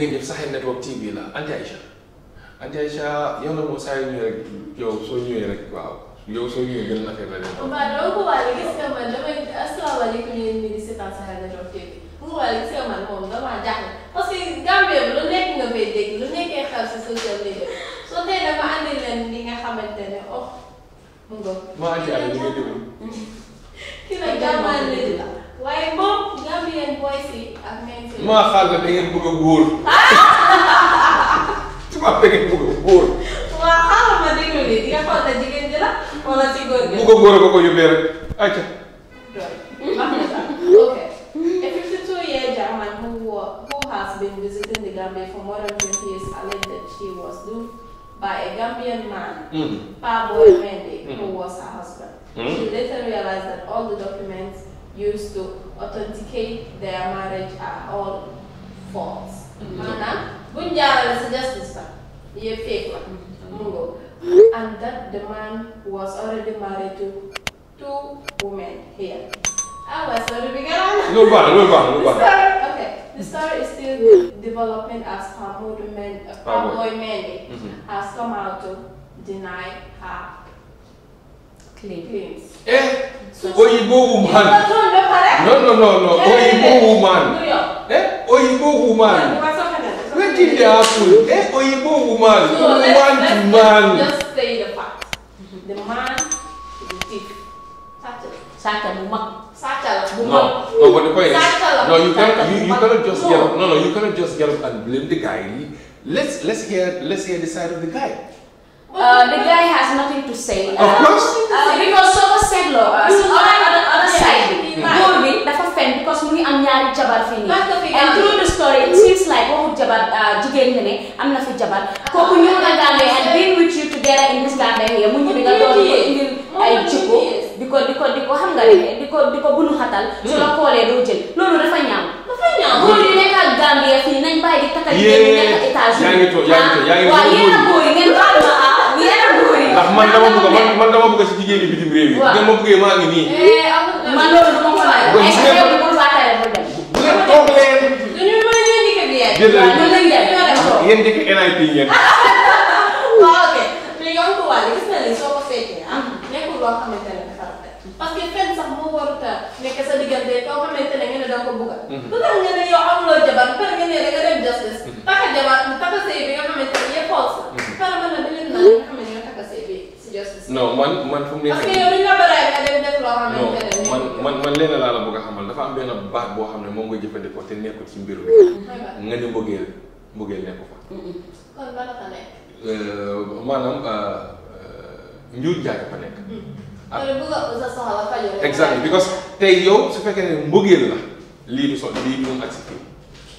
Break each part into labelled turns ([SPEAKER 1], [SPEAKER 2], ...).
[SPEAKER 1] ngeen jëf Sahel Network TV la Anti Aïcha Anti Aïcha yow la moom saa yu ñëwee rek yow soo ñëwee rek waaw yow soo ñëwee gën a affaire la leen.
[SPEAKER 2] mbaa doo ko waale gis nga man damay asalaamaaleykum yéen ñi di seetaan Sahel Network TV bu ko waale gis nga man moom damaa jaaxle parce que Gambie bi lu nekk nga fay dégg lu nekkee xew si social media soo tey dama andi leen li nga xamante ne oh mu ngoog. maa ngi ànd ñu
[SPEAKER 1] ngi déglu maa xaaral da ngeen bëgg a góor. maa bëgg bëgg a góor.
[SPEAKER 2] waaw xaaral ma déglu nii di nga xool ne jigéen ji la wala ci góor gi. bëgg a
[SPEAKER 1] góor a ko ko yóbbee rek ayca.
[SPEAKER 2] ok. A German who, who has been visiting the Gambia for more than 20 years alleged that she was duped by a Gambian man, mm. Paboy Mende, mm. who was her husband. Mm. She later realized that all the documents used to authenticate their marriage are all false. Mm-hmm. maanaam buñ jaarale si justice ba fake la mm-hmm. and that the man was already married to two women here ah my story bi No lu no lu no lu baax okay the story is still developing as Pamodu men Pamoy Mende mm-hmm. has come out to deny her claims. Eh,
[SPEAKER 1] so, you so, so,
[SPEAKER 2] no, no, no, no. Yeah, Oyibo woman.
[SPEAKER 1] Eh? Oyibo woman.
[SPEAKER 2] What
[SPEAKER 1] did they happen? Eh? Oyibo woman. No, woman let's, to man. Just
[SPEAKER 2] say the fact. The man is the thief. Such a, such a woman. No, no, but the point is, no, you cannot, you, you cannot just no. get up. No, no,
[SPEAKER 1] you cannot just get up and blame the guy. Let's let's hear let's hear the side of the guy.
[SPEAKER 2] Uh, the guy has nothing to say. Of uh, course, uh, because said law, uh, other other side, good ngi am ñaari jabar fii nii. and through the story it seems like waxut oh, jabar uh, jigéen ñi ne am na fi jabar kooku ñëw na Gambia and been with you together in this Gambia di nga doon ko indil ay di ko di ko di ko xam nga ne di ko di ko bunu xatal su la hmm. koolee doo jël loolu dafa ñaaw dafa ñaaw góor yi nekk ak Gambia nañ bàyyi di takkal jigéen ñi nekk États-Unis man dama bëgg iya. man
[SPEAKER 1] man dama bëgg si jigéen ñi bitim réew yi. waaw ma bëggee maa ngi nii. man loolu du ma ko laaj. bu
[SPEAKER 2] ngeen toog leen. du ñu mën a ñëw njëkk bi yéen. jërëjëf waaw mën nañu yéen.
[SPEAKER 1] yéen njëkk NIT ngeen.
[SPEAKER 2] waaw ok mais yow ko wàll gis na ni soo ko fekkee ah nekkul loo xamante ne dafa parce que fenn sax moo warut a nekk sa diggante koo xamante ne nga ne da nga ko bëgg a. lu tax nga ne yow ya amuloo jabar ba nga ne da nga dem justice. takk jabar takk sëy bi nga xamante
[SPEAKER 1] non man man fu mu nekk
[SPEAKER 2] parce
[SPEAKER 1] man man man lenn laa la bëgg a xamal dafa am benn baax boo xam ne moom nga jëfandikoo te nekkul ci mbiru bi. nga ne mbëggeel mbëggeel nekku fa.
[SPEAKER 2] kon bala fa nekk.
[SPEAKER 1] Euh, maanaam euh, euh, njuuj njaaj fa nekk. Mm-hmm.
[SPEAKER 2] ak ah. because
[SPEAKER 1] tey yow su fekkee ne mbëggeel la lii du so lii du mun accepté.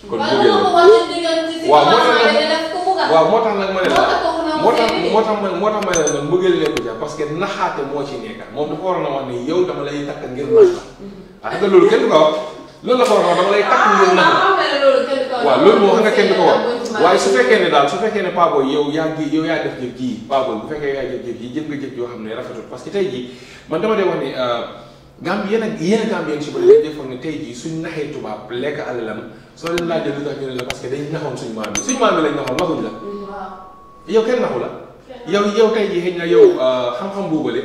[SPEAKER 1] kon mbëggeel
[SPEAKER 2] la waaw moo tax nag ma ne la moo tax moo
[SPEAKER 1] tax man moo tax ma ca parce que naxaate moo ci nekka moom dafa waroon a wax ne yow dama lay takk ngir nax la ah, loolu kenn du ko wax loolu la a la ah, ah, waaw loolu xam nga kenn du ko wax waaye su fekkee ne daal su fekkee ne Paboy yow yaa ngi yow yaa def jëf jii Paboy bu fekkee yaa def jëf jii jëf nga jëf yoo xam ne rafetul parce que tey jii man dama dee wax ne euh, Gambie yéen ak yéen Gambien si bëri dañ defoon ne tey jii suñ naxee tubaab lekk alalam soo leen laajee lu tax ñu ne la parce que dañ naxoon suñ maam yi yow kenn naxu la. yow yow tey jii xëy na yow euh, xam-xam boobale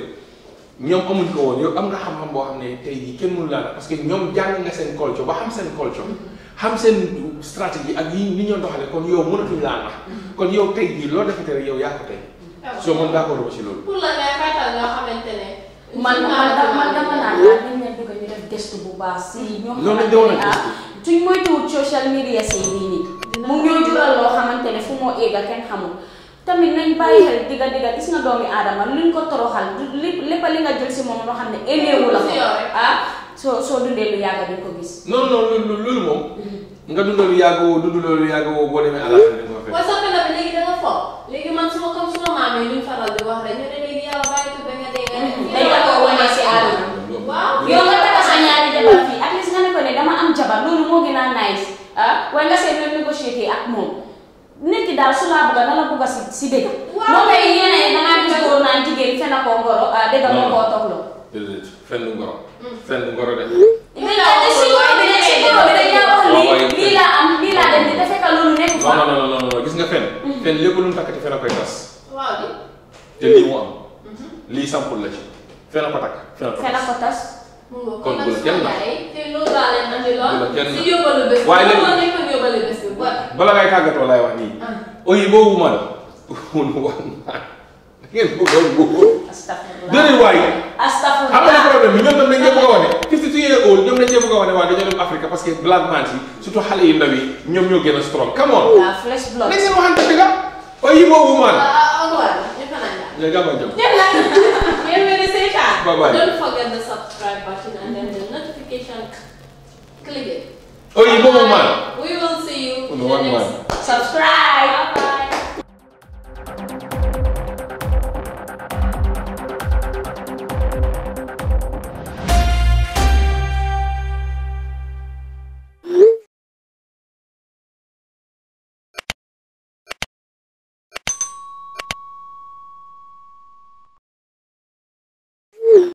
[SPEAKER 1] ñoom amuñ ko woon yow am nga xam-xam boo xam ne tey jii kenn mënu laa la parce que ñoom jàng nga seen culture ba xam seen culture ak yi ni ñoo doxale kon yow mënatuñ laa nax kon yow tey jii loo defete rek yow yaa ba hmm. ah,
[SPEAKER 2] social media si nii nii. mu ngi jural loo xamante ne fu moo éega kenn xamul. tamit nañ bàyyi xel diga diga gis nga doomi aadama luñ ko toroxal lépp li nga jël si moom loo xam ne éleewu la ko ah soo soo dundee lu yàgg duñ ko gis. non
[SPEAKER 1] non lu lu lu moom. Mm-hmm. nga dundal lu yàgg woo dund lu yàgg woo boo demee alaxira dañ ko fekk. waaw
[SPEAKER 2] soppi na ba léegi da nga fo léegi man suma comme suma maam yi luñ faral di wax rek ñu ne léegi yàlla bàyyi ko ba nga dee mm-hmm. dañ la ko wane si àdduna. waaw yow nga takk sa ñaari jabar fii at least nga ne ko ne dama am jabar loolu moo gën a nice ah waaye nga seen nit dal daal su na la bëgg si si dëgg. waaw moo yene da ngaa gis fen ko ngoro ah dëgg mo ko toog
[SPEAKER 1] loo. fen du ngoro. Mm. fen du ngoro de. lii
[SPEAKER 2] laa wax lii lii la am lii la dem di te fekk loolu nekk fa. non
[SPEAKER 1] non non non gis nga fen. Mm. fen lepp lu takati fen koy waaw di. te lii am. Mm-hmm. li sample la ci. fen a ko fen a
[SPEAKER 2] ko tas ko kenn la. te loolu laa leen andi lool. bu la kenn jëmale bés bi
[SPEAKER 1] bala ngay tàggatoo laay wax nii. ooy ah. boobu man. wax naa da ngeen ko doon góor. astafurlah waay.
[SPEAKER 2] astafurlah xam nga problème bi
[SPEAKER 1] ñoom dañ leen bëgg a wane. constitué au ñoom dañ leen bëgg a wane waaye dañoo dem Afrique parce que black man yi surtout xale yu ndaw yi ñoom ñoo gën a strong. come on waaw
[SPEAKER 2] flesh blood. nañ leen waxante dëgg la.
[SPEAKER 1] ooy boobu man. Yeah, got my job. bye
[SPEAKER 2] bye. Don't forget the subscribe button and then the notification. Click it.
[SPEAKER 1] Oh, you go, man.
[SPEAKER 2] one Subscribe.